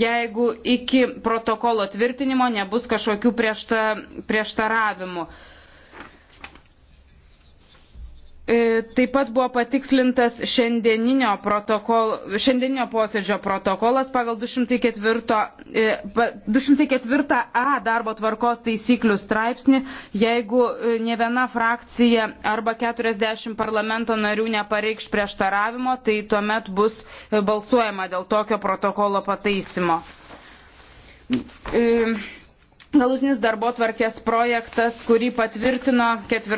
jeigu iki protokolo tvirtinimo nebus kažkokių priešta, prieštaravimų. E, taip pat buvo patikslintas šiandieninio, protokol, šiandieninio posėdžio protokolas pagal 204, 204 e, A darbo tvarkos taisyklių straipsnį. Jeigu ne viena frakcija arba 40 parlamento narių nepareikš prieštaravimo, tai tuomet bus e, balsuojama dėl tokio protokolo pataisimo. Galutinis darbo tvarkės projektas, kurį patvirtino ketvirtą.